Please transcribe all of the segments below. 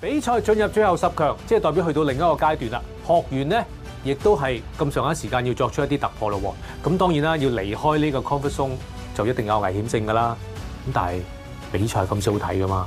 比賽進入最後十強，即係代表去到另一個階段啦。學員咧，亦都係咁上下時間要作出一啲突破咯。咁當然啦，要離開呢個 comfort zone 就一定有危險性噶啦。咁但係比賽咁少睇噶嘛。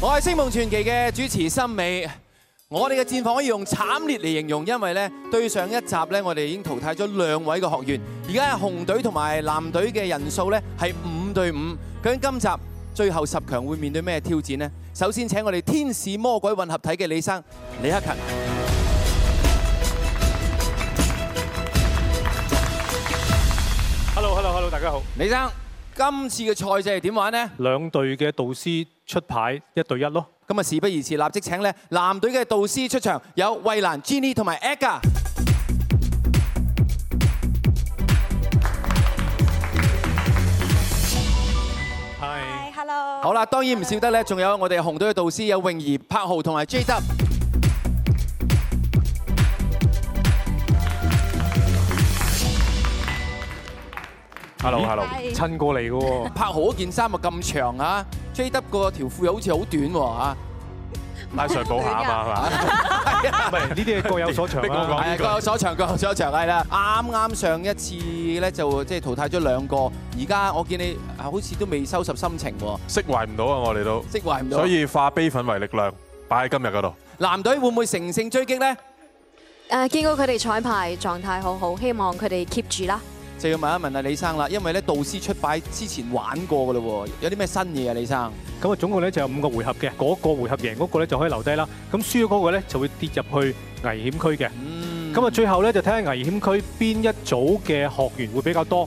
我係《星夢傳奇》嘅主持森美，我哋嘅戰況可以用慘烈嚟形容，因為咧對上一集咧，我哋已經淘汰咗兩位嘅學員，而家紅隊同埋藍隊嘅人數咧係五對五，究竟今集最後十強會面對咩挑戰呢？首先請我哋天使魔鬼混合體嘅李生李克勤，Hello Hello Hello，大家好，李生。今次嘅賽制係點玩呢？兩隊嘅導師出牌一對一咯。咁啊，事不宜遲，立即請呢藍隊嘅導師出場，有衛蘭、Jenny 同埋 AGA 係。Hi，hello 嗨。好啦，當然唔少得呢，仲有我哋紅隊嘅導師有泳兒、柏豪同埋 JW hello hello，親過嚟嘅喎，拍好件衫咪咁長啊？JW 個條褲又好似好短喎，吓，拉上補下啊嘛，係嘛？係呢啲係各有所長，各有所長，各有所長係啦。啱啱上一次咧就即係淘汰咗兩個，而家我見你好似都未收拾心情喎，釋懷唔到啊，我哋都釋懷唔到，所以化悲憤為力量，擺喺今日嗰度。男隊會唔會乘勝追擊呢？誒，見過佢哋彩排狀態好好，希望佢哋 keep 住啦。就要問一問啊，李生啦，因為咧導師出擺之前玩過嘅咯喎，有啲咩新嘢啊，李生？咁啊總共咧就有五個回合嘅，嗰、那個回合贏嗰個咧就可以留低啦。咁輸嗰個咧就會跌入去危險區嘅。咁啊、嗯，最後咧就睇下危險區邊一組嘅學員會比較多。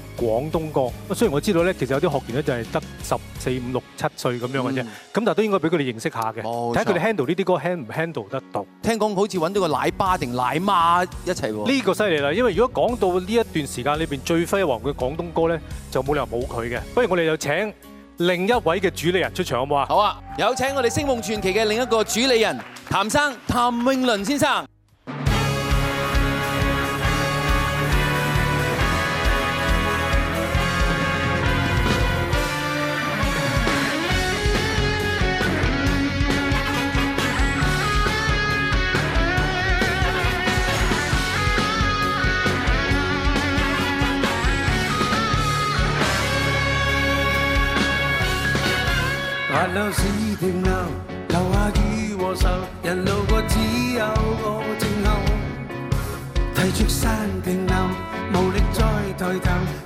廣東歌，雖然我知道咧，其實有啲學員咧就係得十四五六七歲咁樣嘅啫，咁、嗯、但係都應該俾佢哋認識下嘅，睇佢哋 handle 呢啲歌 handle 唔 handle 得到。聽講好似揾到個奶爸定奶媽一齊喎。呢個犀利啦，因為如果講到呢一段時間裏邊最輝煌嘅廣東歌咧，就冇理由冇佢嘅。不如我哋就請另一位嘅主理人出場好唔好啊？好啊！有請我哋聲夢傳奇嘅另一個主理人，譚生譚詠麟先生。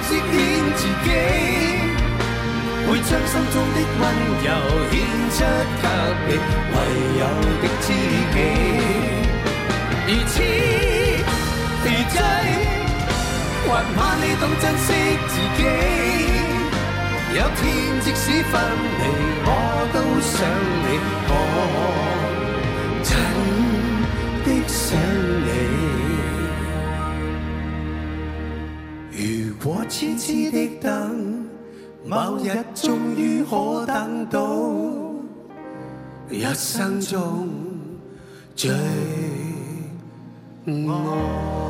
珍惜自己，會將心中的温柔獻出給你，唯有的知己而而。如此而醉，還盼你懂珍惜自己。有天即使分離，我都想你我。痴痴的等，某日終於可等到，一生中最愛。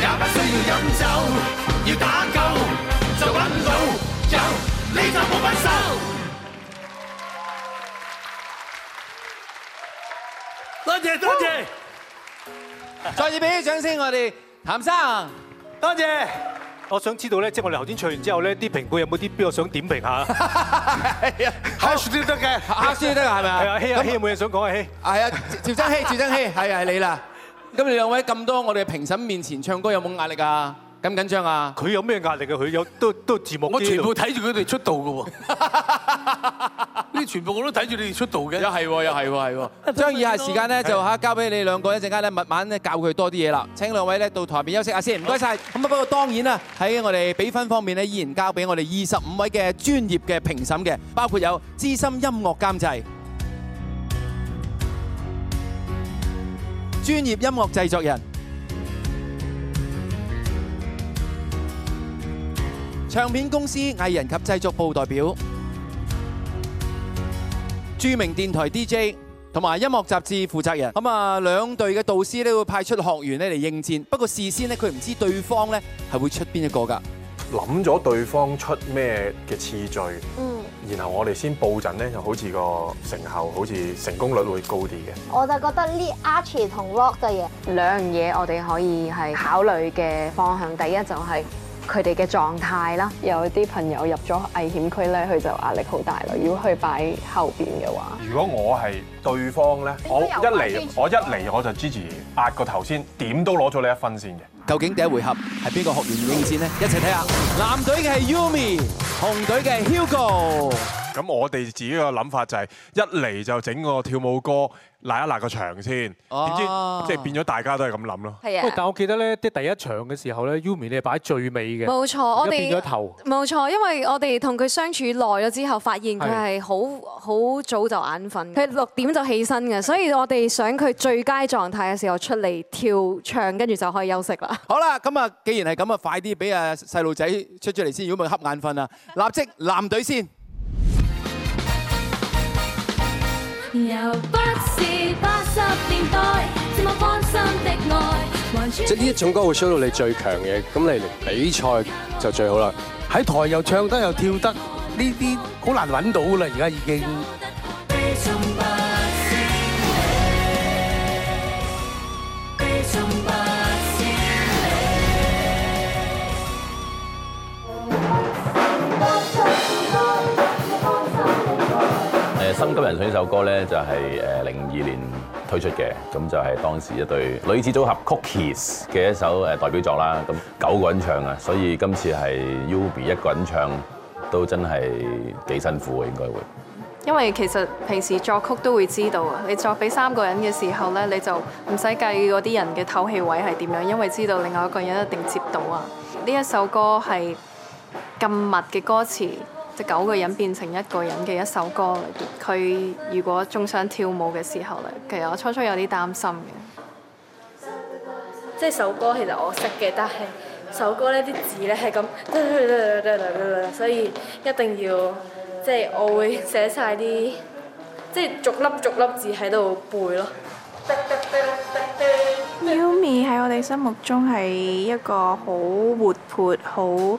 也不需要飲酒，要打救就揾到你，呢就冇不收。多謝多謝，再次俾啲掌聲我哋譚生，多謝。我想知道咧，即係我哋頭先唱完之後咧，啲評判有冇啲邊個想點評下？嚇先都得嘅，嚇先都得係咪啊？係啊，熹啊熹，有冇嘢想講啊？熹係啊，趙增熹，趙增熹係係你啦。咁你兩位咁多我哋評審面前唱歌有冇壓力啊？緊唔緊張啊？佢有咩壓力嘅？佢有都有都有字幕，我全部睇住佢哋出道嘅喎，呢 全部我都睇住你哋出道嘅。又係喎，又係喎，將對以下時間呢，就交俾你兩個一陣間咧，對慢慢咧教佢多啲嘢啦。請兩位咧到台邊休息一下先，唔該曬。咁好不過當然啦，喺我哋比分方面呢，依然交俾我哋二十五位嘅專業嘅評審嘅，包括有資深音樂監製。專業音樂製作人、唱片公司藝人及製作部代表、 著名電台 DJ 同埋音樂雜誌負責人，咁啊， 兩隊嘅導師呢會派出學員呢嚟應戰。不過事先呢，佢唔知對方呢係會出邊一個㗎。諗咗對方出咩嘅次序？嗯。 然後我哋先布陣咧，就好似個成效，好似成功率會高啲嘅。我就覺得呢 Archie 同 Rock 嘅嘢兩樣嘢，我哋可以係考慮嘅方向。第一就係佢哋嘅狀態啦。有啲朋友入咗危險區咧，佢就壓力好大啦。如果佢擺後邊嘅話，如果我係對方咧，我一嚟我一嚟我就支持壓個頭先，點都攞咗你一分先嘅。究竟第一回合係邊個學員應戰呢？一齊睇下，藍隊嘅係 Yumi，紅隊嘅係 Hugo。咁我哋自己嘅諗法就係、是、一嚟就整個跳舞歌。嗱，嗱一嗱個場先，點知即係變咗大家都係咁諗咯。但係我記得咧，即係第一場嘅時候咧，Yumi 你係擺最尾嘅，冇錯，我哋變咗頭。冇錯，因為我哋同佢相處耐咗之後，發現佢係好好早就眼瞓，佢六點就起身嘅，所以我哋想佢最佳狀態嘅時候出嚟跳唱，跟住就可以休息啦。好啦，咁啊，既然係咁啊，快啲俾啊細路仔出出嚟先，如果唔係瞌眼瞓啊，立即藍隊先。又不是八十年代，寂寞芳心的愛。即呢一種歌會 show 到你最強嘅，咁你嚟比賽就最好啦！喺 台又唱得又跳得，呢啲好難揾到噶啦，而家已經。 《心急人上》呢首歌呢，就係誒零二年推出嘅，咁就係當時一對女子組合 Cookies 嘅一首誒代表作啦。咁九個人唱啊，所以今次係 Yubi 一個人唱都真係幾辛苦嘅，應該會。因為其實平時作曲都會知道啊，你作俾三個人嘅時候呢，你就唔使計嗰啲人嘅透氣位係點樣，因為知道另外一個人一定接到啊。呢一首歌係咁密嘅歌詞。九個人變成一個人嘅一首歌裏邊，佢如果仲想跳舞嘅時候咧，其實我初初有啲擔心嘅。即係首歌其實我識嘅，但係首歌呢啲字呢係咁，所以一定要即係、就是、我會寫晒啲，即、就、係、是、逐粒逐粒字喺度背咯。Yumi 喺我哋心目中係一個好活潑好。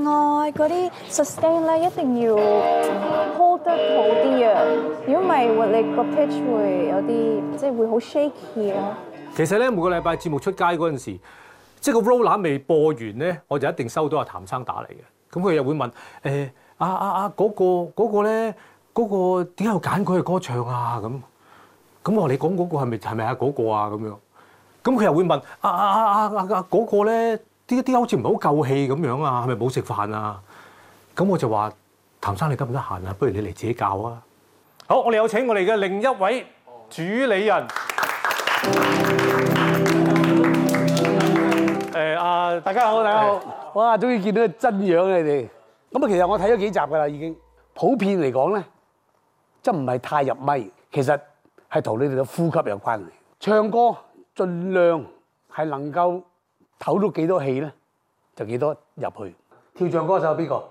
另外嗰啲 sustain 咧一定要 hold 得好啲啊，如果唔係我你個 pitch 會有啲即係會好 shaky 啊。其實咧每個禮拜節目出街嗰陣時，即係個 roller 未播完咧，我就一定收到阿譚生打嚟嘅。咁佢又會問誒阿阿阿嗰個嗰個咧嗰個點解要揀佢嘅歌唱啊？咁咁我話你講嗰個係咪係咪啊嗰個啊咁樣？咁佢又會問阿阿阿阿嗰個咧？啲一啲好似唔係好夠氣咁樣啊！係咪冇食飯啊？咁我就話：譚生你得唔得閒啊？不如你嚟自己教啊！好，我哋有請我哋嘅另一位主理人。誒啊！大家好，大家好！大家好哇！終於見到真樣你哋。咁啊，其實我睇咗幾集㗎啦，已經。普遍嚟講咧，即係唔係太入咪？其實係同你哋嘅呼吸有關。唱歌盡量係能夠。唞到幾多氣咧，就幾多入去。跳唱歌手係邊個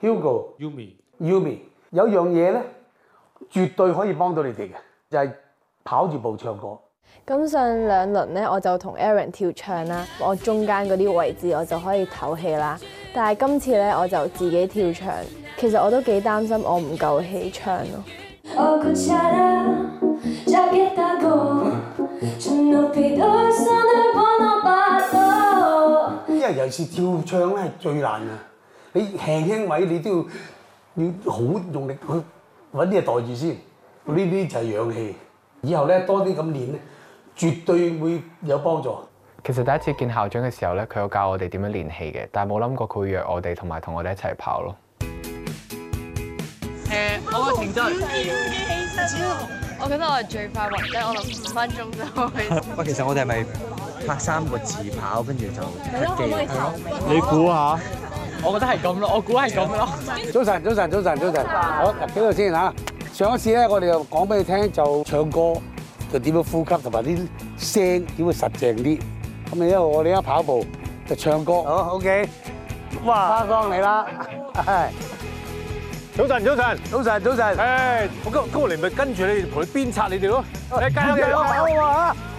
？Hugo、Yumi、Yumi 有樣嘢咧，絕對可以幫到你哋嘅，就係跑住步唱歌。咁上兩輪咧，我就同 Aaron 跳唱啦，我中間嗰啲位置我就可以唞氣啦。但係今次咧，我就自己跳唱，其實我都幾擔心我唔夠氣唱咯。 因為尤其是跳唱咧，係最難嘅。你輕輕位，你都要你要好用力去揾啲嘢袋住先。呢啲就係氧氣。以後咧，多啲咁練咧，絕對會有幫助。其實第一次見校長嘅時候咧，佢有教我哋點樣練氣嘅，但係冇諗過佢約我哋同埋同我哋一齊跑咯。誒、呃，我嘅真，哦、我覺得我係最快或者， 我諗五分鐘就可以。喂， 其實我哋係咪？ 拍三個字跑，跟住就一記，你估下？我覺得係咁咯，我估係咁咯。早晨，早晨，早晨，早晨。我入幾多先嚇？上一次咧，我哋就講俾你聽，就唱歌就點樣呼吸，同埋啲聲點會實淨啲。咁啊，因為我哋一跑步就唱歌。好 OK。哇！花芳嚟啦。係。早晨，早晨，早晨，早晨。誒，我今今日嚟咪跟住你，陪佢鞭策你哋咯。你加油啊！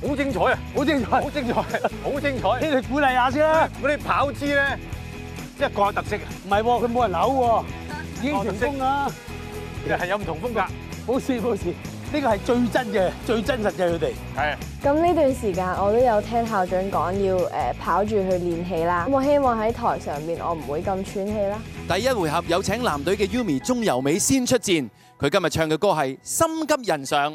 好精彩啊！好精彩，好精彩，好精彩！你哋鼓勵下先啦。嗰啲 跑姿咧，即係各有特色啊！唔係，佢冇人扭喎，已經成功啦，啊。其實係有唔同風格。冇事冇事，呢個係最真嘅，最真實嘅佢哋。係。咁呢的段時間我都有聽校長講，要誒跑住去練氣啦。咁我希望喺台上面我唔會咁喘氣啦。第一回合有請藍隊嘅 Yumi 鍾柔美先出戰，佢今日唱嘅歌係《心急人上》。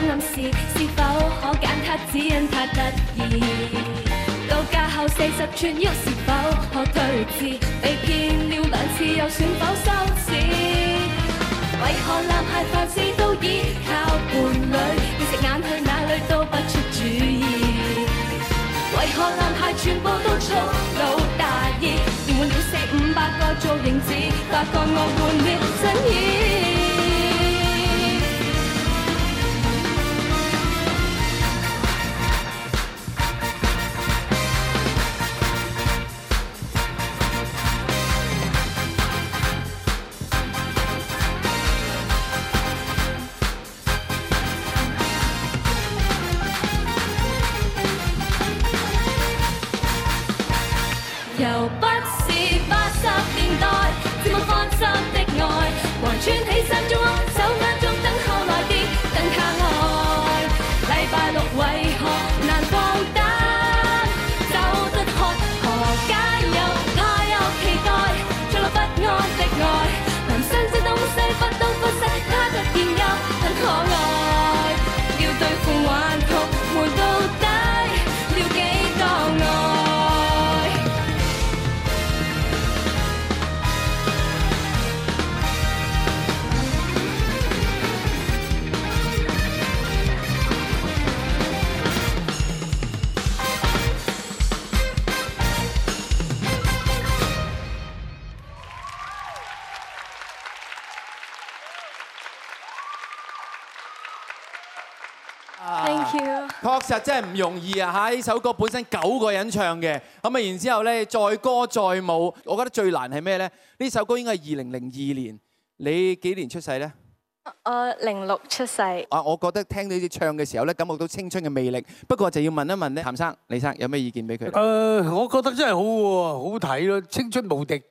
有暗示，是否可揀他？只因太得意。到家後四十寸，又是否可退置？被騙了兩次，又算否羞恥？為何男孩凡事都依靠伴侶？其實眼去哪裏都不出主意。為何男孩全部都粗魯大意？連換了四五百個造型子，發覺我換了新衣。實真係唔容易啊！嚇，呢首歌本身九個人唱嘅，咁啊，然之後咧載歌載舞，我覺得最難係咩咧？呢首歌應該係二零零二年，你幾年出世咧？我零六出世。啊，我覺得聽到你啲唱嘅時候咧，感覺到青春嘅魅力。不過就要問一問咧，譚生、李生有咩意見俾佢？誒，我覺得真係好喎，好睇咯，青春無敵。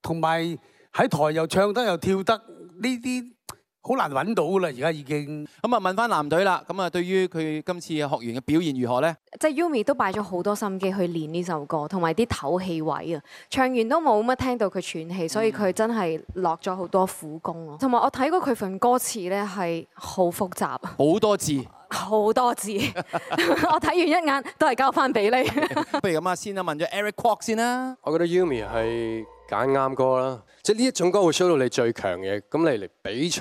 同埋喺台又唱得又跳得呢啲。好難揾到啦，而家已經咁啊！問翻男隊啦，咁啊，對於佢今次嘅學員嘅表現如何咧？即係 Yumi 都擺咗好多心機去練呢首歌，同埋啲唞氣位啊，唱完都冇乜聽到佢喘氣，所以佢真係落咗好多苦功咯。同埋我睇過佢份歌詞咧，係好複雜，好多字，好多字。 我睇完一眼都係交翻俾你。 不如咁啊，先啊、ok，問咗 Eric Kwok 先啦。我覺得 Yumi 係揀啱歌啦，即係呢一種歌會 show 到你最強嘅，咁你嚟比賽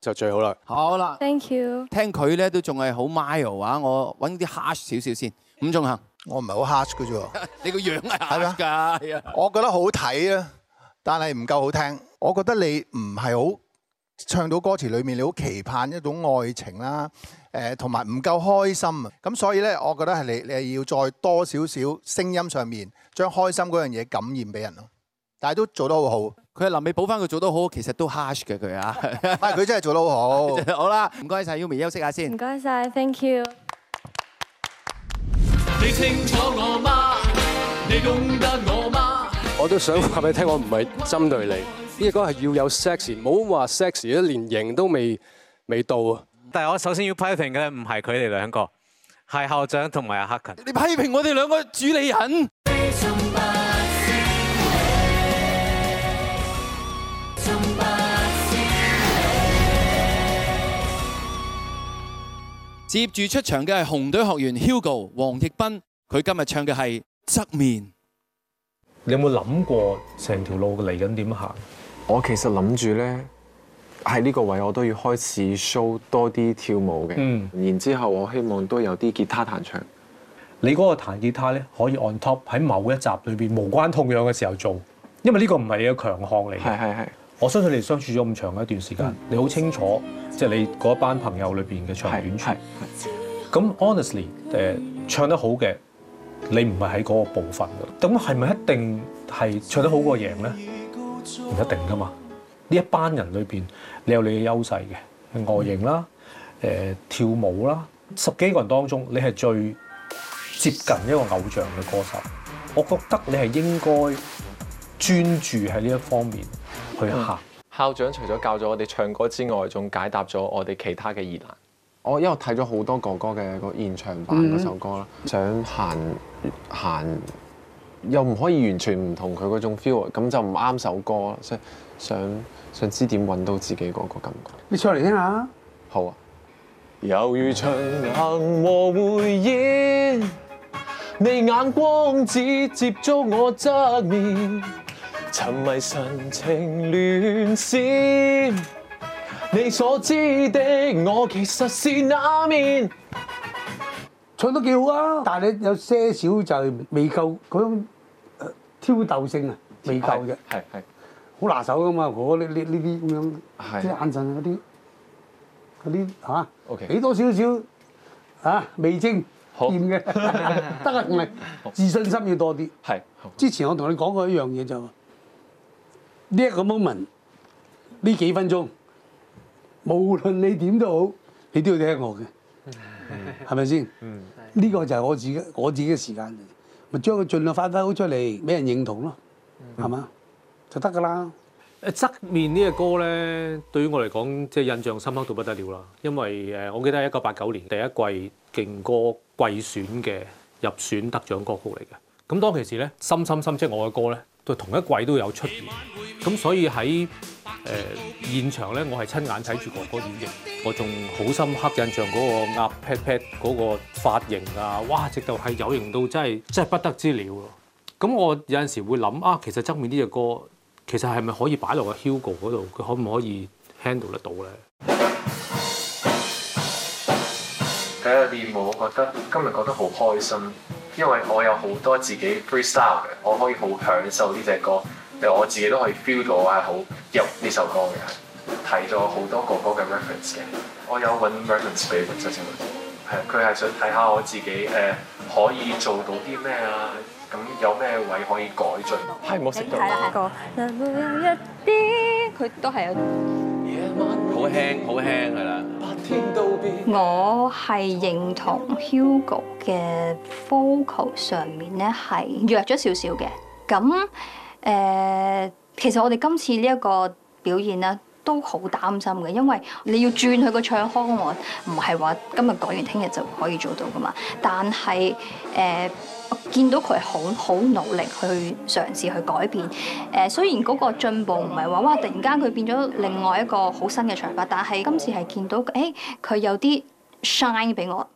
就最好啦。好啦了，Thank you 聽。聽佢咧都仲係好 mellow 啊，我揾啲 harsh 少少先。伍仲衡，我唔係好 harsh 嘅啫，你個樣係 harsh 係啊。我覺得好睇啊，但係唔夠好聽。我覺得你唔係好唱到歌詞裏面，你好期盼一種愛情啦，誒同埋唔夠開心。啊。咁所以咧，我覺得係你你係要再多少少聲音上面，將開心嗰樣嘢感染俾人咯。但係都做得好好，佢係臨尾補翻，佢做得好，其實都蝦蝕嘅佢啊，佢 真係做得好好。 好啦，唔該晒 Yumi 休息下先。唔該晒 thank you。 你清楚我嗎？你懂得我嗎？我都想話俾你聽，我唔係針對你，呢、這個係要有 sex，唔好話 sex，連型都未未到啊！但係我首先要批評嘅唔係佢哋兩個，係校長同埋阿克勤。你批評我哋兩個主理人？ 接住出場嘅係紅隊學員 Hugo 黃奕斌，佢今日唱嘅係《側面》。你有冇諗過成條路嚟緊點行？我其實諗住咧喺呢個位，我都要開始 show 多啲跳舞嘅。嗯。然之後我希望都有啲吉他彈唱。你嗰個彈吉他咧可以 on top 喺某一集裏邊無關痛癢嘅時候做，因為呢個唔係你嘅強項嚟。係係係。我相信你哋相處咗咁長嘅一段時間，你好清楚即係、就是、你嗰一班朋友裏邊嘅長短處。咁 honestly，誒唱得好嘅你唔係喺嗰個部分㗎，咁係咪一定係唱得好過贏咧？唔一定噶嘛。呢一班人裏邊，你有你嘅優勢嘅外、呃、形啦，誒跳舞啦，十幾個人當中你係最接近一個偶像嘅歌手。我覺得你係應該專注喺呢一方面。 校長除咗教咗我哋唱歌之外，仲解答咗我哋其他嘅疑難。我因為睇咗好多哥哥嘅個現場版嗰首歌啦，mm hmm. 想行行又唔可以完全唔同佢嗰種 feel 咁就唔啱首歌，所以想想想知點揾到自己嗰個感覺。你唱嚟聽下。好啊。猶如長行和回憶，你眼光只接觸我側面。沉迷神情亂閃，你所知的我其實是那面，唱得幾好啊！但係你有些少就係未夠嗰種挑逗性啊，未夠嘅，係係好拿手噶嘛！我呢呢呢啲咁樣啲是即係眼神嗰啲嗰啲嚇，OK 俾多少少嚇味精掂嘅得啊！同你，好自信心要多啲係。之前我同你講過一樣嘢就。呢一個 moment，呢幾分鐘，無論你點都好，你都要聽我嘅，係咪先？呢個就係我自己我自己嘅時間，咪將佢盡量發揮好出嚟，俾人認同咯，係嘛，就得㗎啦。側面呢個歌咧，對於我嚟講即係印象深刻到不得了啦，因為誒，我記得係一九八九年第一季勁歌季選嘅入選得獎歌曲嚟嘅。咁當其時咧，深深深，即係我嘅歌咧。喺同一季都有出現，咁所以喺誒、呃、現場咧，我係親眼睇住哥哥演繹，我仲好深刻印象嗰個鴨 pat pat 嗰個髮型啊，哇！直到係有型到真係真係不得之了咯。咁我有陣時會諗啊，其實側面呢隻歌其實係咪可以擺落去 Hugo 嗰度，佢可唔可以 handle 得到咧？睇下電視，我覺得今日覺得好開心。因為我有好多自己 freestyle 嘅，我可以好享受呢隻歌，誒我自己都可以 feel 到我係好入呢首歌嘅，睇咗好多哥哥嘅 reference 嘅，我有揾 reference 俾詹天文，佢係想睇下我自己誒可以做到啲咩啊，咁有咩位可以改進？係冇識到。睇啦、哎，係。佢都係有，好輕、嗯、好輕係啦。我係認同 Hugo 嘅 focus 上面咧，係弱咗少少嘅。咁誒、呃，其實我哋今次呢一個表現咧都好擔心嘅，因為你要轉佢個唱腔，我唔係話今日講完聽日就可以做到噶嘛，但係誒。呃我見到佢係好好努力去嘗試去，去改變。誒雖然嗰個進步唔係話哇，突然間佢變咗另外一個好新嘅長法，但係今次係見到誒，佢、欸、有啲 shine 俾我。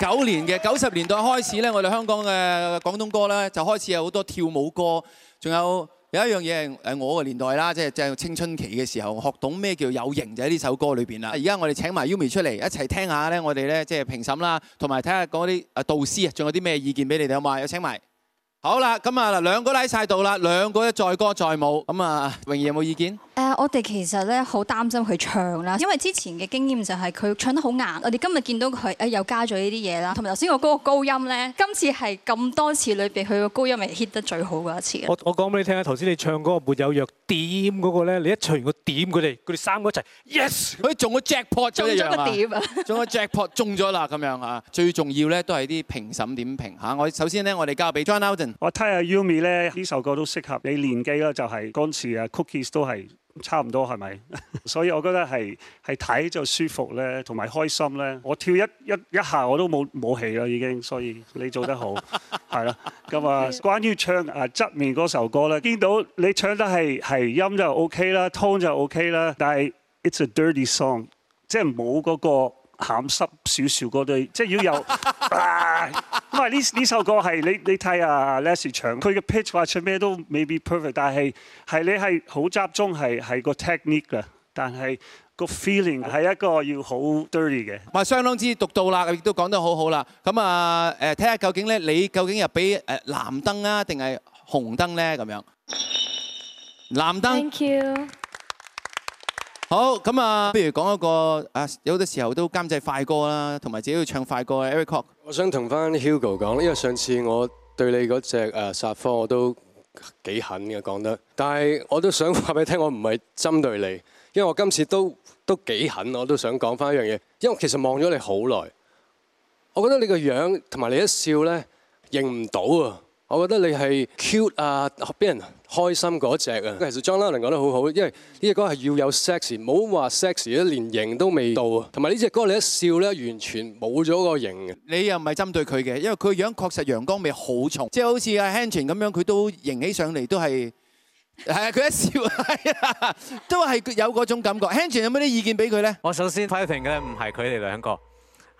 九年嘅九十年代開始呢，我哋香港嘅廣東歌呢，就開始有好多跳舞歌，仲有有一樣嘢係我個年代啦，即係即係青春期嘅時候學懂咩叫有型就喺、是、呢首歌裏邊啦。而家我哋請埋 Yumi 出嚟一齊聽下呢，我哋呢，即係評審啦，同埋睇下嗰啲導師啊，仲有啲咩意見俾你哋好嘛，有請埋。好啦，咁啊，兩個喺晒度啦，兩個都載歌載舞。咁啊，泳兒有冇意見？誒，我哋其實咧好擔心佢唱啦，因為之前嘅經驗就係佢唱得好硬。我哋今日見到佢，誒又加咗呢啲嘢啦，同埋頭先個高個高音咧，今次係咁多次裏邊佢個高音係 hit 得最好嗰一次。我我講俾你聽啊，頭先你唱嗰個沒有弱點嗰個咧，你一唱完個點，佢哋佢哋三個一齊 yes，佢仲個 jackpot 中咗個點啊，中個 jackpot 中咗啦咁樣啊。最重要咧都係啲評審點評吓。我首先咧，我哋交俾 John Alden。我睇下 Yumi 咧，呢首歌都適合你年紀啦，就係、是、嗰次啊 Cookies 都係差唔多係咪？ 所以我覺得係係睇就舒服咧，同埋開心咧。我跳一一一下我都冇冇氣啦已經，所以你做得好係啦。咁 啊，關於唱啊側面嗰首歌咧，見到你唱得係係音就 OK 啦，tone 就 OK 啦，但係 It's a dirty song，即係冇嗰個。鹹濕少少嗰對，即係要有。咁啊呢呢首歌係你你睇下，Leslie 唱佢嘅 pitch 話出咩都未必 perfect，但係係你係好集中係係個 technique 嘅，但係個 feeling 係一個要好 dirty 嘅。咁啊相當之獨到啦，亦都講得好好啦。咁啊誒睇下究竟咧，你究竟入俾誒藍燈啊，定係紅燈咧？咁樣藍燈。好咁啊，不如講一個啊，有好多時候都監製快歌啦，同埋自己要唱快歌嘅 Eric Kwok。我想同翻 Hugo 講，因為上次我對你嗰隻誒殺科我都幾狠嘅，講得，但係我都想話俾你聽，我唔係針對你，因為我今次都都幾狠，我都想講翻一樣嘢，因為其實望咗你好耐，我覺得你個樣同埋你一笑咧認唔到啊。我覺得你係 cute 啊，俾人開心嗰隻啊！其實莊樂能講得好好，因為呢隻歌係要有 sexy，冇話 sexy 咧連型都未到啊！同埋呢隻歌你一笑咧，完全冇咗個型。你又唔係針對佢嘅，因為佢個樣確實陽光味好重，即係好似阿 Hanson 咁樣，佢都型起上嚟都係係啊！佢一笑都係有嗰種感覺。Hanson 有冇啲意見俾佢咧？我首先批評嘅唔係佢哋兩個，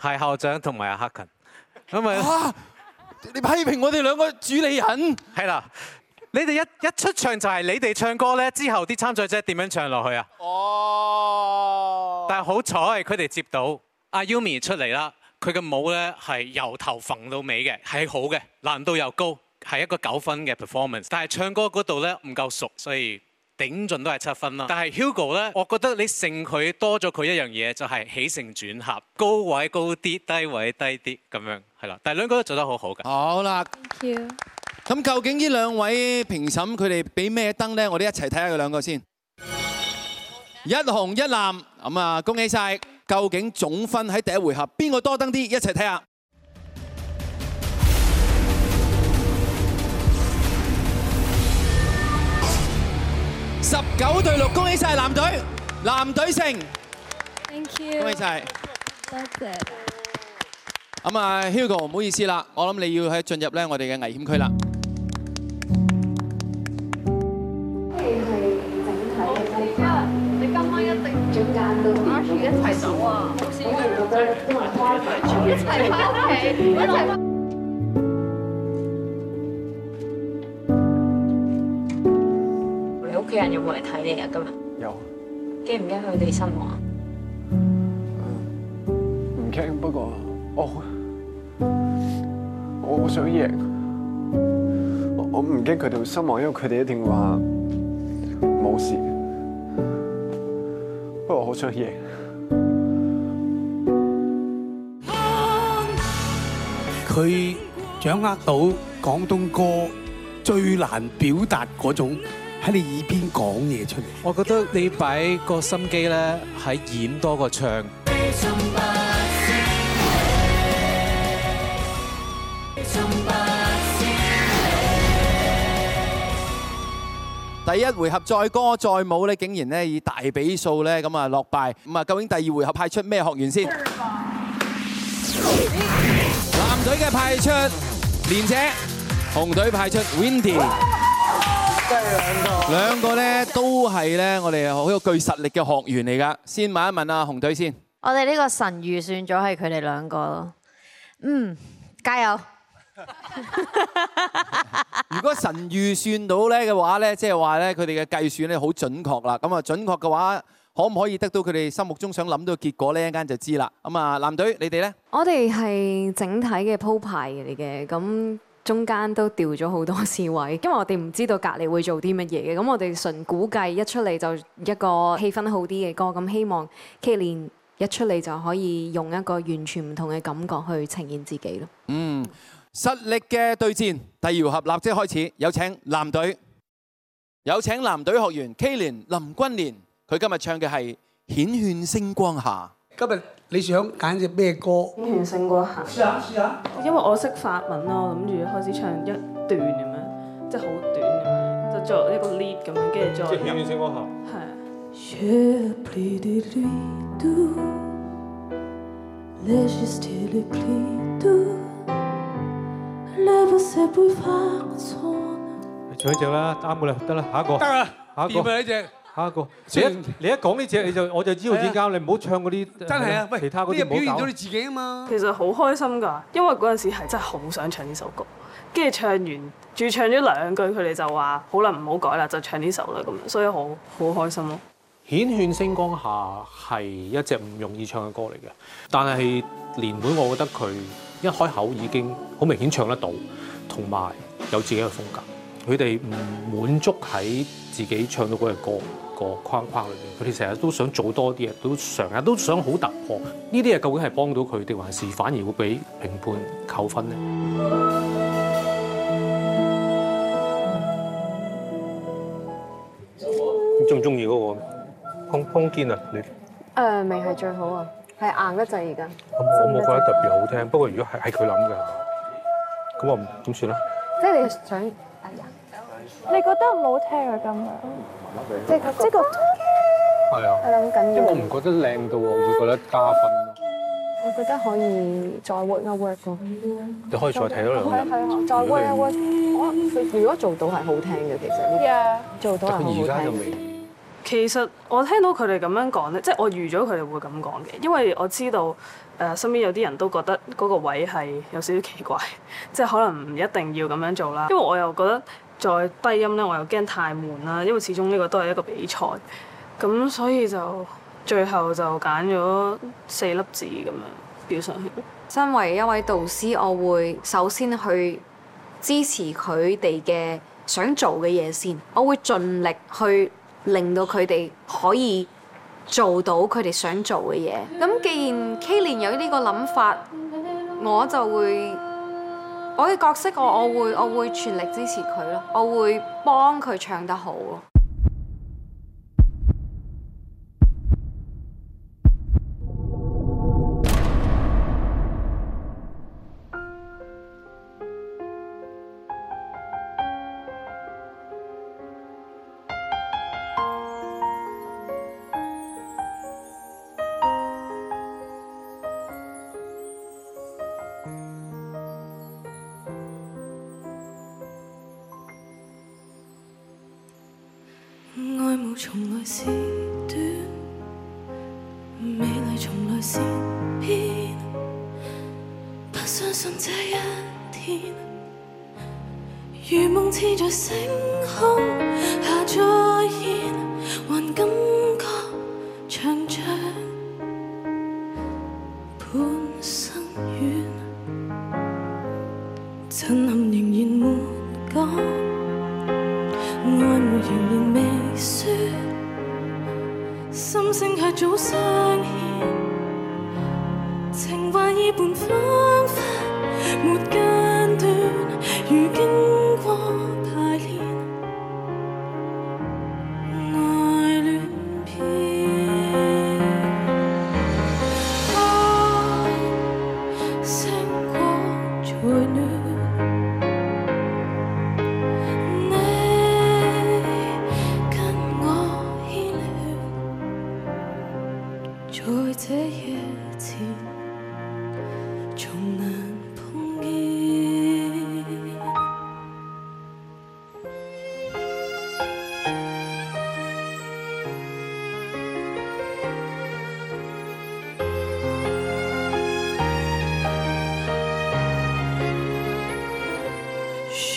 係校長同埋阿 Hacken，因為。你批評我哋兩個主理人係啦，你哋一一出場就係你哋唱歌呢，之後啲參賽者點樣唱落去啊？哦！Oh. 但係好彩佢哋接到阿 Yumi 出嚟啦，佢嘅舞呢係由頭揈到尾嘅，係好嘅，難度又高，係一個九分嘅 performance。但係唱歌嗰度呢，唔夠熟，所以，頂盡都係七分咯，但係 Hugo 咧，我覺得你勝佢多咗佢一樣嘢，就係起承轉合，高位高啲，低位低啲，咁樣係啦。但係兩個都做得好好嘅。好啦，Thank you。咁究竟呢兩位評審佢哋俾咩燈咧？我哋一齊睇下佢兩個先，一紅一藍，咁啊，恭喜晒！究竟總分喺第一回合邊個多燈啲？一齊睇下。十九對六，恭喜晒藍隊，藍隊勝。Thank you。恭喜晒。多謝。咁啊，Hugo 唔好意思啦，我諗你要喺進入咧我哋嘅危險區啦。我覺得都係關係，一齊翻屋企，一齊。嚟睇你啊！今日有驚唔驚佢哋失望？唔驚，不過哦，我好想贏。我唔驚佢哋會失望，因為佢哋一定話冇事。不過我好想贏。佢掌握到廣東歌最難表達嗰種。喺你耳邊講嘢出嚟，我覺得你擺個心機咧，喺演多過唱。第一回合載歌載舞咧，竟然咧以大比數咧咁啊落敗，咁啊究竟第二回合派出咩學員先？藍隊嘅派出蓮姐，紅隊派出 Windy。兩個咧都係咧，我哋又好有具實力嘅學員嚟噶。先問一問啊，紅隊先。我哋呢個神預算咗係佢哋兩個咯。嗯，加油。 如果神預算到咧嘅話咧，即係話咧，佢哋嘅計算咧好準確啦。咁啊，準確嘅話，可唔可以得到佢哋心目中想諗到嘅結果呢？一間就知啦。咁啊，藍隊，你哋咧？我哋係整體嘅鋪排嚟嘅，咁。中間都調咗好多次位，因為我哋唔知道隔離會做啲乜嘢嘅，咁我哋純估計一出嚟就一個氣氛好啲嘅歌，咁希望 K 聯一出嚟就可以用一個完全唔同嘅感覺去呈現自己咯。嗯，實力嘅對戰，第二回合立即開始，有請藍隊，有請藍隊學員 K 聯林君蓮，佢今日唱嘅係《閃炫星光下》。今日你想揀隻咩歌？《聖歌行》，試下試下，啊、因為我識法文咯，我諗住開始唱一段咁樣，即係好短咁樣，就作、是、一個 lead 咁樣，跟住再。即係《聖歌行》是。係。來唱一隻啦，啱唔啦？得啦，下個。得啦，下個。第二隻。啊你，你一你講呢隻你就我就知道點解你唔好唱嗰啲真係啊，乜其他嗰啲冇表現到你自己啊嘛！其實好開心㗎，因為嗰陣時係真係好想唱呢首歌，跟住唱完，住唱咗兩句，佢哋就話：好啦，唔好改啦，就唱呢首啦咁樣。所以好好開心咯。《閃炫星光下》係一隻唔容易唱嘅歌嚟嘅，但係年會我覺得佢一開口已經好明顯唱得到，同埋有，有自己嘅風格。佢哋唔滿足喺自己唱到嗰隻歌。個框框裏邊，佢哋成日都想做多啲嘢，都成日都想好突破。呢啲嘢究竟係幫到佢定還是反而會俾評判扣分呢？咧、嗯？鍾唔鍾意個空碰肩啊！你誒、呃、未係最好啊，係硬得滯而家。我冇覺得特別好聽，不過如果係係佢諗㗎，咁我點算咧？即係你想，哎、呀你覺得唔好聽啊咁樣。即係即係個係啊，係啊好緊要，因為我唔覺得靚到我會覺得加分。我覺得可以再 work 個 work 㗎，你可以再睇多兩日。係啊，再啊，再 work 個 work，我如果做到係好聽嘅，其實。啲啊，做到係好聽。到而家就未。其實我聽到佢哋咁樣講咧，即係我預咗佢哋會咁講嘅，因為我知道誒身邊有啲人都覺得嗰個位係有少少奇怪，即係可能唔一定要咁樣做啦。因為我又覺得。再低音呢，我又驚太悶啦，因為始終呢個都係一個比賽，咁所以就最後就揀咗四粒字咁樣標上去。身為一位導師，我會首先去支持佢哋嘅想做嘅嘢先，我會盡力去令到佢哋可以做到佢哋想做嘅嘢。咁既然 Kian 有呢個諗法，我就會。我嘅角色，我我會我會全力支持佢咯，我會幫佢唱得好咯。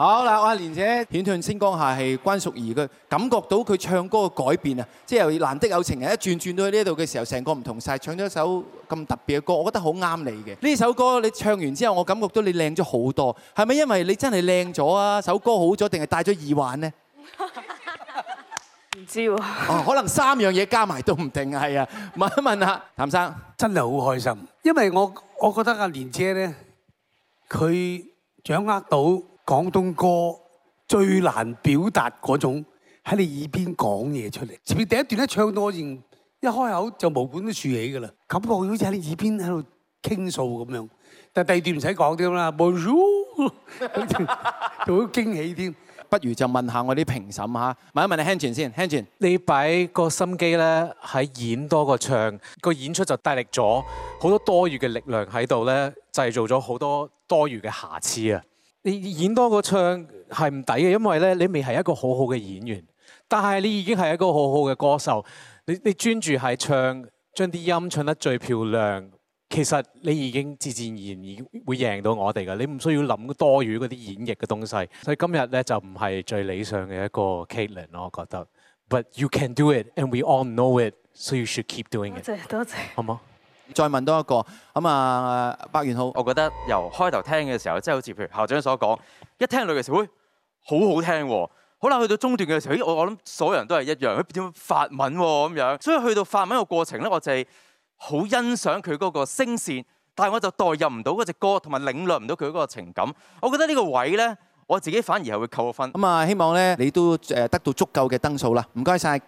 好嗱，阿蓮姐《遠眺星光下》係關淑怡嘅，感覺到佢唱歌嘅改變啊！即係難得有情人一轉轉到去呢一度嘅時候，成個唔同晒，唱咗一首咁特別嘅歌，我覺得好啱你嘅。呢首歌你唱完之後，我感覺到你靚咗好多，係咪因為你真係靚咗啊？首歌好咗定係戴咗耳環呢？唔知喎。哦，可能三樣嘢加埋都唔定係啊！問一問啊譚生，真係好開心，因為我我覺得阿蓮姐呢，佢掌握到。廣東歌最難表達嗰種喺你耳邊講嘢出嚟，前面第一段咧唱到我連一開口就毛管都豎起㗎啦，感覺好似喺你耳邊喺度傾訴咁樣。但係第二段唔使講啲啦，冇咗，仲好驚喜添。 不如就問下我啲評審嚇，問一問阿 Hanson 先，Hanson，你擺個心機咧喺演多過唱，個演出就帶力咗好多多餘嘅力量喺度咧，製造咗好多多餘嘅瑕疵啊！你演多過唱係唔抵嘅，因為咧你未係一個好好嘅演員，但係你已經係一個好好嘅歌手。你你專注係唱，將啲音唱得最漂亮，其實你已經自自然然會贏到我哋噶。你唔需要諗多於嗰啲演繹嘅東西。所以今日咧就唔係最理想嘅一個 c a i l y n 我覺得。But you can do it，and we all know it，so you should keep doing it。多謝，謝好嗎？再問多一個咁、嗯、啊，百元好，我覺得由開頭聽嘅時候，即、就、係、是、好似譬如校長所講，一聽女嘅時候，好、哎、好聽喎、啊，好啦，去到中段嘅時候，我我諗所有人都係一樣，佢點法文咁、啊、樣，所以去到法文嘅過程咧，我就係好欣賞佢嗰個聲線，但係我就代入唔到嗰隻歌，同埋領略唔到佢嗰個情感。我覺得呢個位咧，我自己反而係會扣分。咁、嗯、啊，希望咧你都誒得到足夠嘅燈數啦，唔該晒。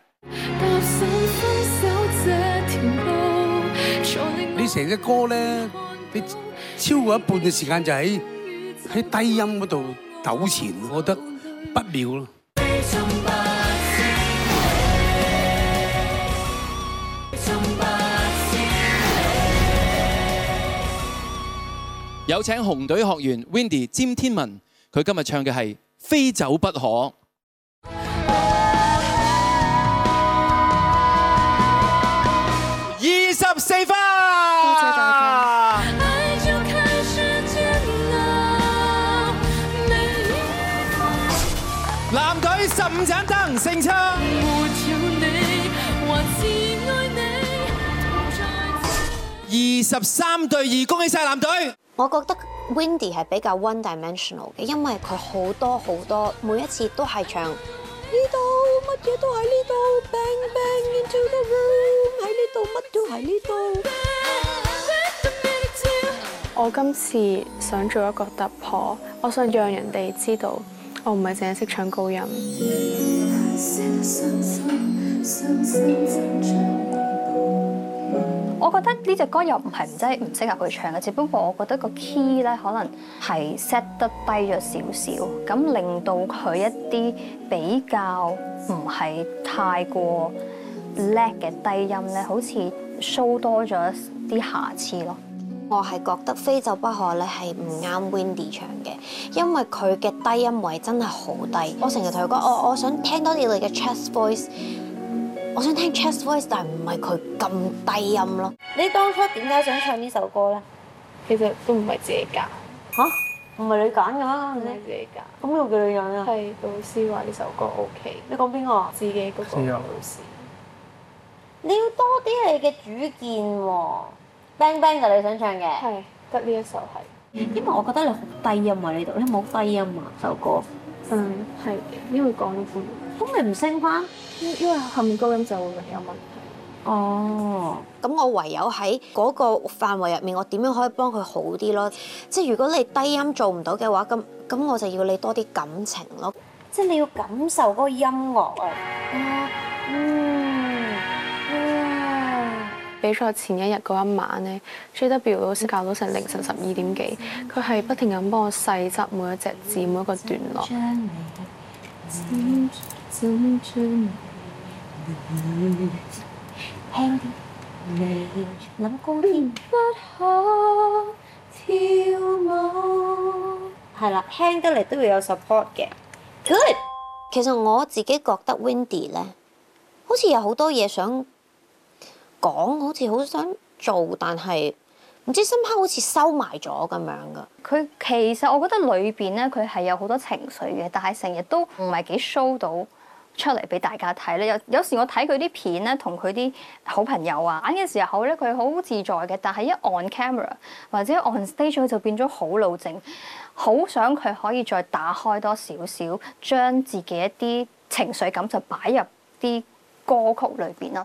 你成隻歌咧，你超過一半嘅時間就喺喺低音嗰度糾纏，我覺得不妙咯。有請紅隊學員 Wendy 詹天文，佢今日唱嘅係《非走不可》。十三對二，恭喜晒藍隊！我覺得 Windy 係比較 one dimensional 嘅，因為佢好多好多，每一次都係唱呢度乜嘢都喺呢度，bang bang into the room 喺呢度乜都喺呢度。我今次想做一個突破，我想讓人哋知道我唔係淨係識唱高音。Yeah, 我覺得呢隻歌又唔係唔真係唔適合佢唱嘅，只不過我覺得個 key 咧可能係 set 得低咗少少，咁令到佢一啲比較唔係太過叻嘅低音咧，好似 show 多咗啲瑕疵咯。我係覺得非走不可咧係唔啱 Windy 唱嘅，因為佢嘅低音位真係好低。我成日同佢講，我我想聽多啲你嘅 chest voice。我想聽 Chess Voice，但唔係佢咁低音咯。你當初點解想唱呢首歌咧？其實都唔係自己揀。吓、啊？唔係你揀噶咩？唔係自己揀。咁邊個叫你揀啊？係老師話呢首歌 OK。你講邊個啊？自己個。自由老師。你要多啲你嘅主見喎。Bang Bang 就你想唱嘅。係。得呢一首係。因為我覺得你好低音喎，你讀你冇低音啊首歌。嗯，係。因為講咗半。咁你唔升翻，因因為下面高音就會有問題。哦，咁我唯有喺嗰個範圍入面，我點樣可以幫佢好啲咯？即係如果你低音做唔到嘅話，咁咁我就要你多啲感情咯。即係你要感受嗰個音樂啊！嗯，嗯哇比賽前一日嗰一晚咧、嗯、雷，JW 老師教到成凌晨十二點幾，佢係不停咁幫我細執每一隻字、每一個段落。嗯嗯輕啲，你諗高天不可跳舞。係啦，輕得嚟都會有 support 嘅。Good。其實我自己覺得 Windy 咧，好似有好多嘢想講，好似好想做，但係唔知深刻好似收埋咗咁樣噶。佢 其實我覺得裏邊咧，佢係有好多情緒嘅，但係成日都唔係幾 show 到。出嚟俾大家睇咧，有有時我睇佢啲片咧，同佢啲好朋友啊玩嘅時候咧，佢好自在嘅。但係一 on camera 或者 on stage，佢就變咗好老正，好想佢可以再打開多少少，將自己一啲情緒感就擺入啲歌曲裏邊啦。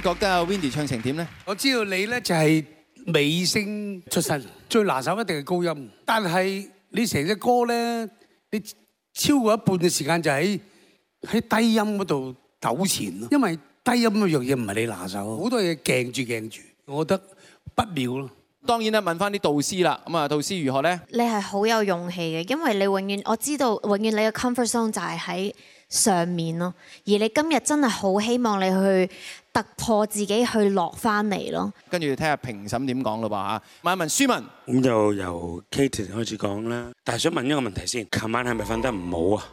覺得阿 Wendy 唱成點咧？我知道你咧就係美聲出身，最拿手一定係高音。但係你成隻歌咧，你超過一半嘅時間就喺喺低音嗰度糾纏咯。因為低音嗰樣嘢唔係你拿手，好多嘢頸住頸住，我覺得不妙咯。當然啦，問翻啲導師啦。咁啊，導師如何咧？你係好有勇氣嘅，因為你永遠我知道，永遠你嘅 comfort zone 就係喺上面咯。而你今日真係好希望你去突破自己，去落翻嚟咯。跟住聽下評審點講嘞喎嚇！問一問舒文，咁就由 Katie 開始講啦。但係想問一個問題先，琴晚係咪瞓得唔好啊？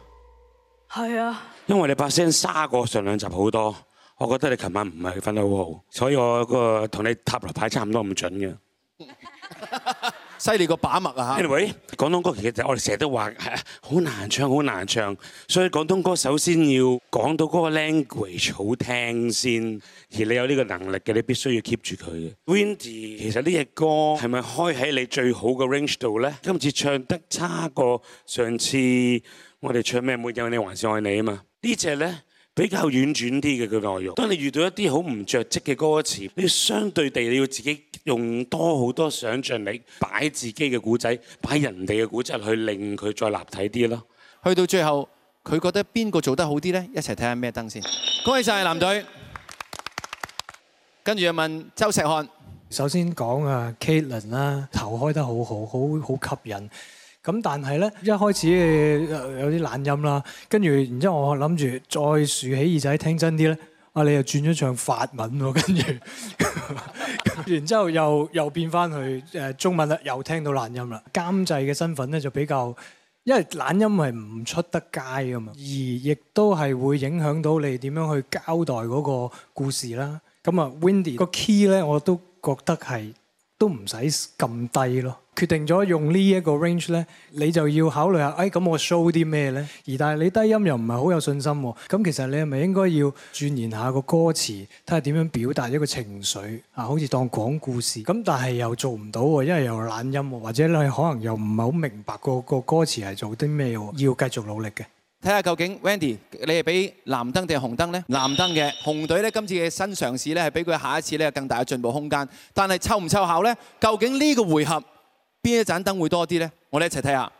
係啊的。因為你把聲沙過上兩集好多，我覺得你琴晚唔係瞓得好好，所以我個同你塔羅牌差唔多咁準嘅。犀利個把脈啊！Anyway，廣東歌其實我哋成日都話，嚇，好難唱，好難唱。所以廣東歌首先要講到嗰個 language 好聽先，而你有呢個能力嘅，你必須要 keep 住佢嘅。Wendy，其實呢隻歌係咪開喺你最好嘅 range 度咧？今次唱得差過上次我哋唱咩？沒有你，還是愛你啊嘛？呢隻咧。比較婉轉啲嘅個內容。當你遇到一啲好唔着跡嘅歌詞，你相對地你要自己用多好多想像力，擺自己嘅古仔，擺人哋嘅古仔去令佢再立體啲咯。去到最後，佢覺得邊個做得好啲呢？一齊睇下咩燈先。恭喜曬藍隊。謝謝。跟住又問周石漢。首先講啊，Kelan 啦，頭開得好，好好吸引。咁但係咧，一開始有啲懶音啦，跟住然之後我諗住再豎起耳仔聽真啲咧、啊，你又轉咗唱法文喎，跟住，然之後又又變返去、呃、中文啦，又聽到懶音啦。監製嘅身份咧就比較，因為懶音係唔出得街嘅嘛，而亦都係會影響到你點樣去交代嗰個故事啦。咁啊，Windy 個 key 咧我都覺得係。都唔使咁低咯，決定咗用呢一個 range 咧，你就要考慮一下，哎咁我 show 啲咩咧？而但係你低音又唔係好有信心喎，咁其實你係咪應該要鑽研下個歌詞，睇下點樣表達一個情緒，好似當講故事咁，但係又做唔到喎，因為又懶音喎，或者你可能又唔係好明白個個歌詞係做啲咩喎？要繼續努力嘅。睇下究竟 Wendy，你係俾藍燈定紅燈呢？藍燈嘅紅隊咧，今次嘅新嘗試咧，係俾佢下一次咧有更大嘅進步空間。但係湊唔湊巧咧？究竟呢個回合邊一盞燈會多啲咧？我哋一齊睇下。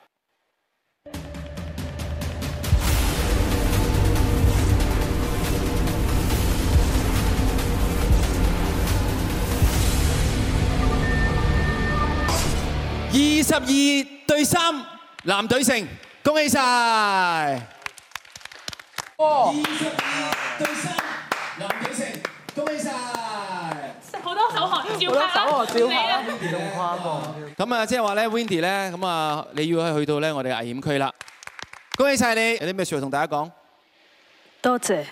二十二對三，藍隊勝。恭喜曬！二十二對三，林永誠，恭喜曬！好多手汗，好多手汗，Wendy 啊，幾咁誇過？咁啊，即係話咧，Wendy 咧，咁啊，你要係去到咧我哋危險區啦！恭喜曬你，有啲咩説話同大家講？多謝。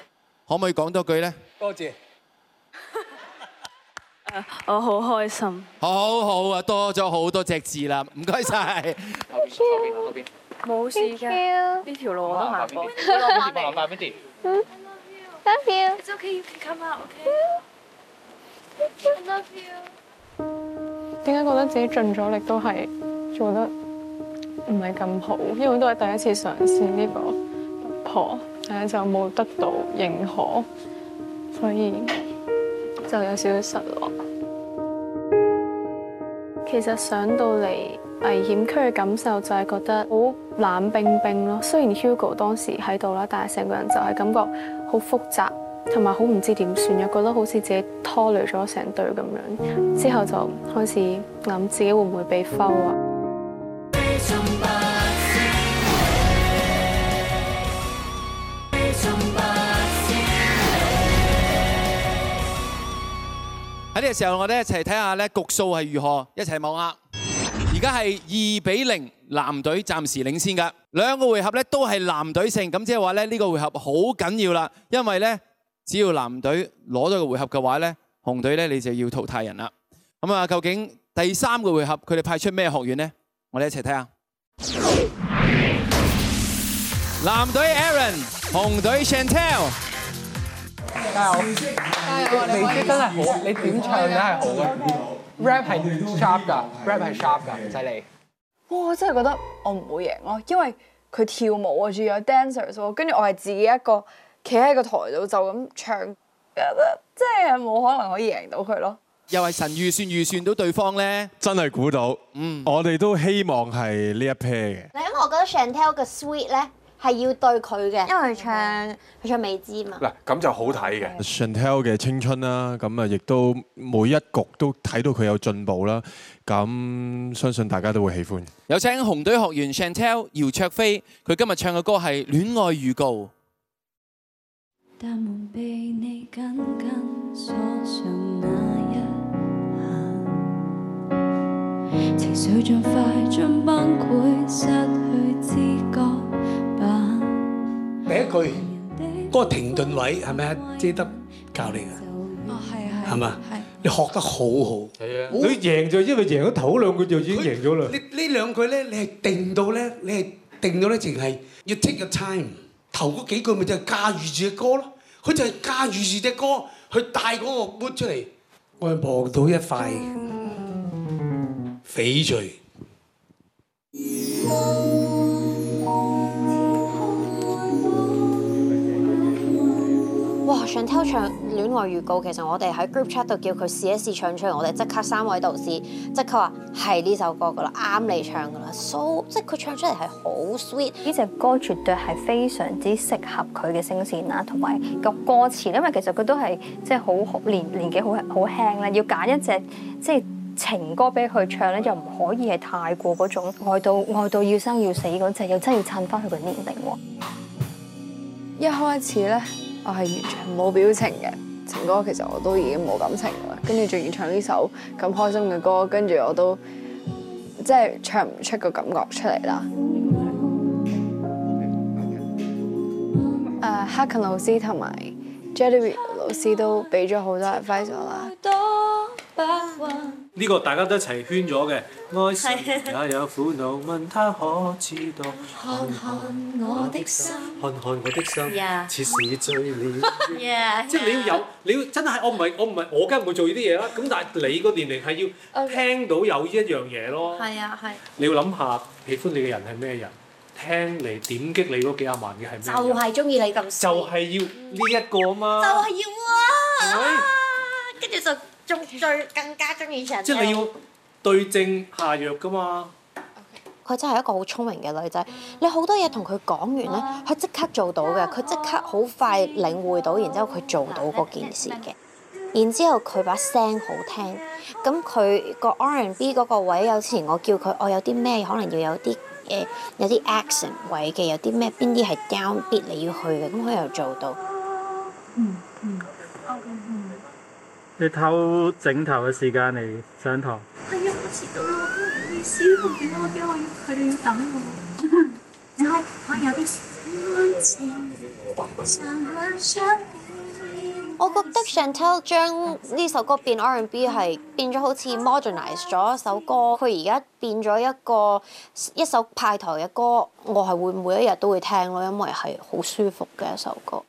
可唔可以講多句咧？多謝。我好開心。好好啊，多咗好多隻字啦，唔該曬。後邊，後邊，後邊。冇 事嘅，呢條路我都行過。嗯，點解覺得自己盡咗力都係做得唔係咁好？因為都係第一次嘗試呢個突破，但係就冇得到認可，所以就有少少失落。其實想到嚟。危險區嘅感受就係覺，覺，覺得好冷冰冰咯，雖然 Hugo 當時喺度啦，但係成個人就係感覺好複雜，同埋好唔知點算，又覺得好似自己拖累咗成隊咁樣。之後就開始諗自己會唔會被偷啊。喺呢個時候，我哋一齊睇下呢局數係如何，一齊望下。而家係二比零，藍隊暫時領先噶。兩個回合咧都係藍隊勝，咁即係話咧呢個回合好緊要啦。因為咧，只要藍隊攞咗個回合嘅話咧，紅隊咧你就要淘汰人啦。咁啊，究竟第三個回合佢哋派出咩學員咧？我哋一齊睇下。藍隊 Aaron，紅隊 Chantelle。加油，加油，你真係好，你點唱真係好。rap 係 sharp 㗎，rap 係 sharp 㗎，唔使理。哇！我真係覺得我唔會贏咯，因為佢跳舞啊，仲有 dancers 跟住我係自己一個，企喺個台度就咁唱，覺得真係冇可能可以贏到佢咯。又係神預算預算到對方咧，真係估到。嗯，我哋都希望係呢一 pair 嘅。你因為我覺得 Chantelle 嘅 sweet 咧。係要對佢嘅，因為佢唱佢唱未知嘛。嗱，咁就好睇嘅 ，Chantelle 嘅青春啦，咁啊亦都每一局都睇到佢有進步啦，咁相信大家都會喜歡。有請紅隊學員 Chantelle 姚焯菲，佢今日唱嘅歌係《戀愛預告》。但門被你緊緊鎖上那一情緒快崩潰，失去知覺第一句嗰個停頓位係咪啊？J W 教你噶，係嘛？你學得好好，你贏咗，因為贏咗頭兩句就已經贏咗啦。呢兩句咧，你係定到咧，你係定到咧，淨係要 take your time。頭嗰幾句咪就駕馭住隻歌咯，佢就係駕馭住隻歌去帶嗰個撥出嚟。我係磨到一塊翡翠。哇 Chantel 唱戀愛預告，其實我哋喺 Group Chat 度叫佢試一試唱出嚟，我哋即刻三位導師即刻話係呢首歌噶啦，啱你唱噶啦。So 即係佢唱出嚟係好 sweet，呢隻歌絕對係非常之適合佢嘅聲線啦，同埋個歌詞。因為其實佢都係即係好年年紀好好輕咧，要揀一隻即係情歌俾佢唱咧，又唔可以係太過嗰種愛到愛到要生要死嗰隻，又真係要襯翻佢個年齡喎。一開始咧。我係完全冇表情嘅，情歌其實我都已經冇感情啦，跟住仲要唱呢首咁開心嘅歌，跟住我都即係唱唔出個感覺出嚟啦。誒， uh, 克勤老師同埋，Jeddy 老師都俾咗好多 advice 啦。呢個大家都一齊圈咗嘅。哀愁啊，有苦惱問他可知道？看看我的心，看看我的心，似是醉了。即係你要有，你要真係，我唔係，我唔係，我梗係唔會做呢啲嘢啦。咁但係你個年齡係要聽到有呢一樣嘢咯。係、嗯、啊係。你要諗下喜歡你嘅人係咩人？聽嚟點擊你嗰幾廿萬嘅係咩？就係中意你咁。就係要呢一個啊嘛！就係要啊！跟住嗎、啊、就中最更加中意以即係你要對症下藥㗎嘛？佢真係一個好聰明嘅女仔。嗯、你好多嘢同佢講完咧，佢即、嗯、刻做到嘅。佢即、嗯、刻好快領會到，然之後佢做到嗰件事嘅。嗯、然之後佢把聲好聽，咁佢、嗯、個 R&B 嗰個位有時我叫佢，我有啲咩可能要有啲。誒有啲 action 位嘅，有啲咩邊啲係 downbeat 你要去嘅，咁佢又做到。嗯嗯 okay，嗯、你偷整頭嘅時間嚟上堂。係啊、哎，我遲到啦，我點解我因佢哋要等我。 你好，我有啲。 我覺得 Chantel 將呢首歌變 R&B 係變咗好似 modernize 咗一首歌，佢而家變咗一個一首派台嘅歌，我係會每一日都會聽咯，因為係好舒服嘅一首歌。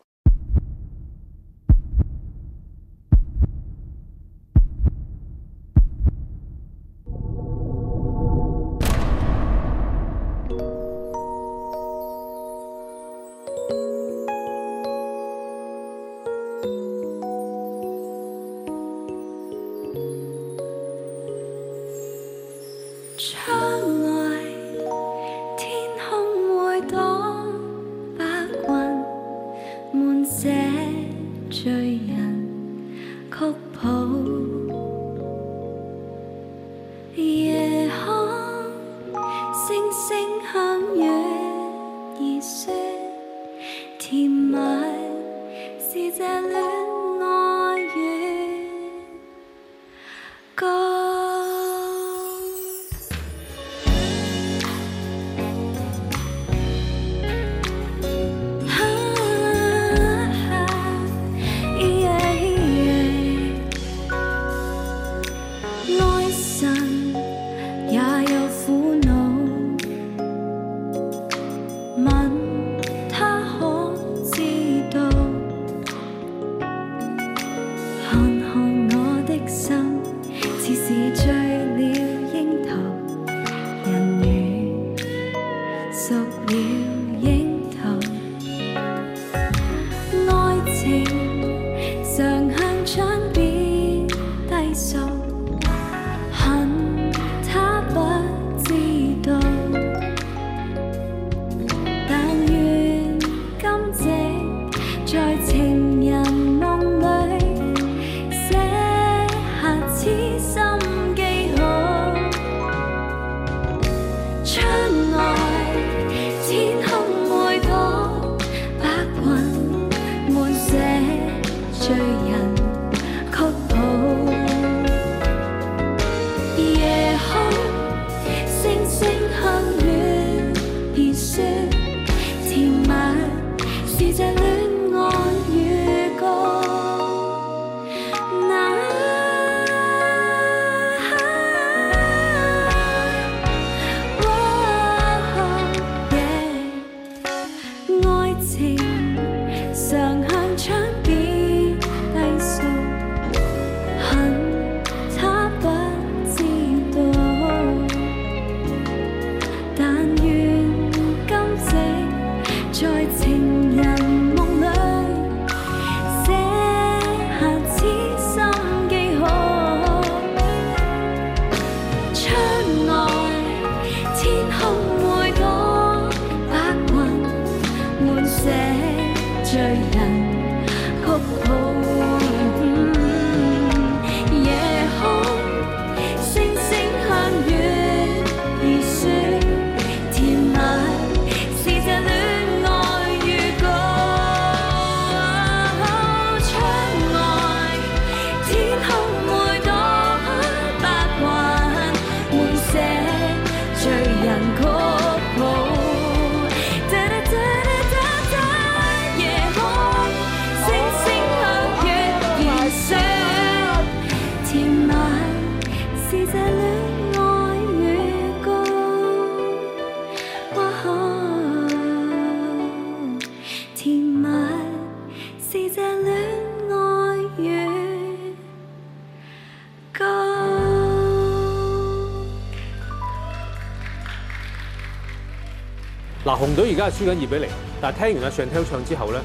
紅隊而家係輸緊二比零，但係聽完阿 s h 唱之後咧，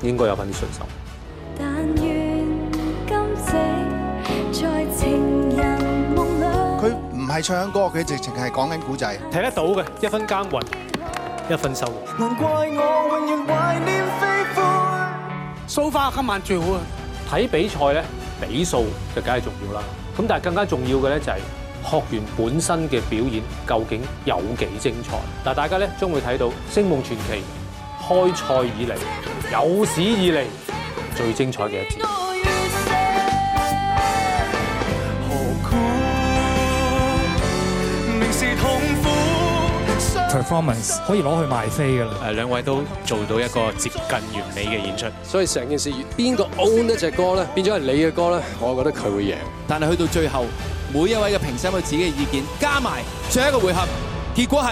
應該有份信心。但願今次在情人佢唔係唱歌，佢直情係講緊古仔。睇得到嘅一分耕耘一分收難怪我永念穫，啊。蘇花今晚最好啊！睇比賽咧，比數就梗係重要啦。咁但係更加重要嘅咧就係。學員本身嘅表演究竟有幾精彩？嗱，大家咧將會睇到《星夢傳奇》開賽以嚟有史以嚟最精彩嘅一節 performance 可以攞去賣飛㗎啦！誒，兩位都做到一個接近完美嘅演出，所以成件事邊個 own 一隻歌咧，變咗係你嘅歌咧，我覺得佢會贏。但係去到最後。每一位嘅評審佢自己嘅意見，加埋最後一個回合，結果係。